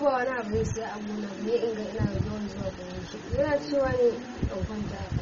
duba wani abu sai ne in ga ina zuwa zuwa shi yana cewa ne ɗaukan ta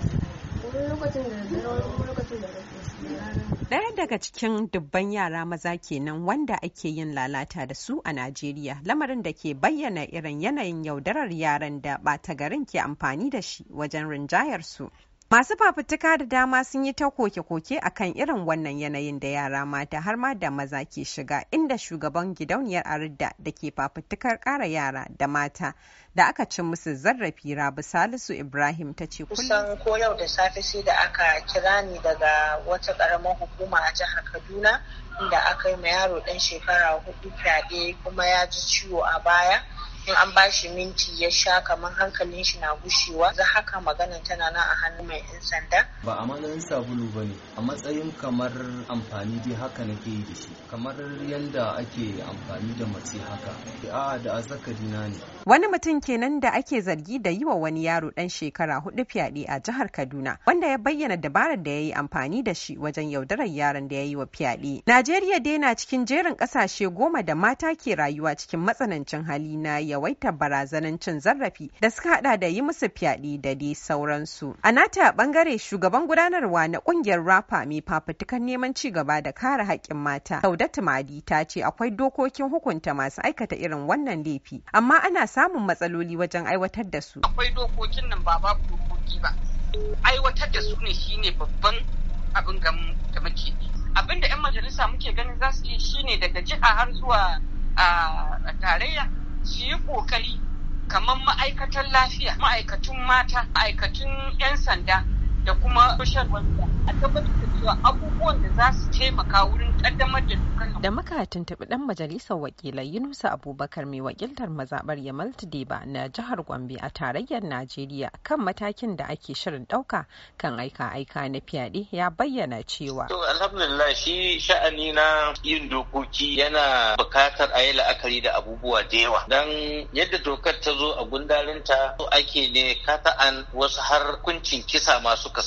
wani daga cikin dubban yara maza kenan wanda ake yin lalata da su a Najeriya lamarin da ke bayyana irin yanayin yaudarar yaran da ɓata garin ke amfani da shi wajen rinjayar su. Masu fafutuka da dama sun yi ta koke-koke a kan irin wannan yanayin da yara mata har ma da maza ke shiga inda shugaban gidauniyar Aridda da ke fafutukar kara yara da mata da aka cin musu zarrafi Rabu Salisu Ibrahim ta ce kusan ko yau da safe sai da aka kira ni daga wata karamar hukuma a jihar Kaduna inda aka yi ma yaro dan shekara hudu fyaɗe kuma ya ji ciwo a baya in an ba shi minti ya sha kamar hankalin shi na gushewa za haka magana tana nan a hannu mai yan sanda ba a matsayin sabulu ba ne a matsayin kamar amfani dai haka nake yi da shi kamar yadda ake amfani da mace haka a da azakari na ne wani mutum kenan da ake zargi da yi wa wani yaro dan shekara hudu fyaɗe a jihar kaduna wanda ya bayyana dabarar da ya yi amfani da shi wajen yaudarar yaron da ya yi wa fyaɗe najeriya dai na cikin jerin ƙasashe goma da mata ke rayuwa cikin matsanancin hali na yau yawaitar barazanan cin zarafi da suka hada da yi musu fyaɗe da dai sauransu. A nata bangare shugaban gudanarwa na kungiyar rapa mai fafutukan neman ci gaba da kare haƙƙin mata. Saudatu Madi ta ce akwai dokokin hukunta masu aikata irin wannan laifi amma ana samun matsaloli wajen aiwatar da su. Akwai dokokin nan ba babu dokoki ba. Aiwatar da su ne shine babban abin da muke. Abin da 'yan majalisa muke ganin za su yi shine daga jiha har zuwa a ah, tarayya su yi ƙoƙari kamar ma'aikatan lafiya ma'aikatun mata ma'aikatun 'yan sanda da kuma social welfare a tabbatar da cewa abubuwan da za su taimaka wurin kaddamar da dokar da muka tuntuɓi dan majalisar wakilai Yunusa Abubakar mai wakiltar mazabar Yamal Tudeba na jihar Gombe a tarayyar Najeriya kan matakin da ake shirin ɗauka kan aika-aika na fyaɗe ya bayyana cewa. To alhamdulillah shi sha'ani na yin dokoki yana bukatar a yi la'akari da abubuwa da yawa dan yadda dokar ta zo a gundarinta ake ne kata'an wasu har kuncin kisa masu suka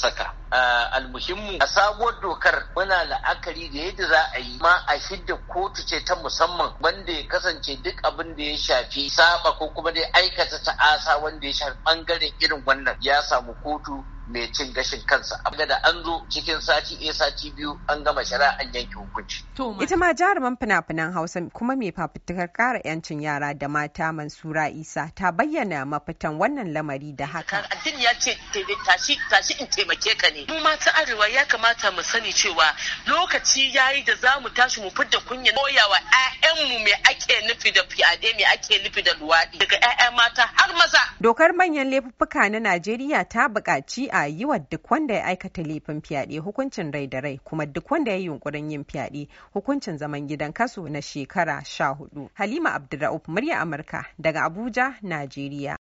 saka almuhimmu a sabuwar dokar muna la'akari da yadda za a yi ma a shidda kotu ce ta musamman wanda ya kasance duk abin da ya shafi saba ko kuma dai aikata ta'asa wanda ya shafi bangaren irin wannan ya samu kotu mai cin gashin kansa abinda da an zo cikin sati ɗaya sati biyu an gama shari'a an yanke hukunci. ita ma jaruman fina-finan hausa kuma mai fafutukar kara 'yancin yara da mata mansura isa ta bayyana mafitan wannan lamari da haka. addini ya ce tashi tashi in taimake ka ne mu mata arewa ya kamata mu sani cewa lokaci ya yi da za mu tashi mu fidda kunya koyawa 'ya'yanmu me ake nufi da fyaɗe me ake nufi da luwaɗi daga 'ya'ya mata har maza. dokar manyan laifuffuka na najeriya ta buƙaci shari'a yi wa duk wanda ya aikata laifin fyaɗe hukuncin rai da rai kuma duk wanda ya yi yunkurin yin fyaɗe hukuncin zaman gidan kaso na shekara sha hudu. Halima Abdulra'uf murya Amurka daga Abuja, Najeriya.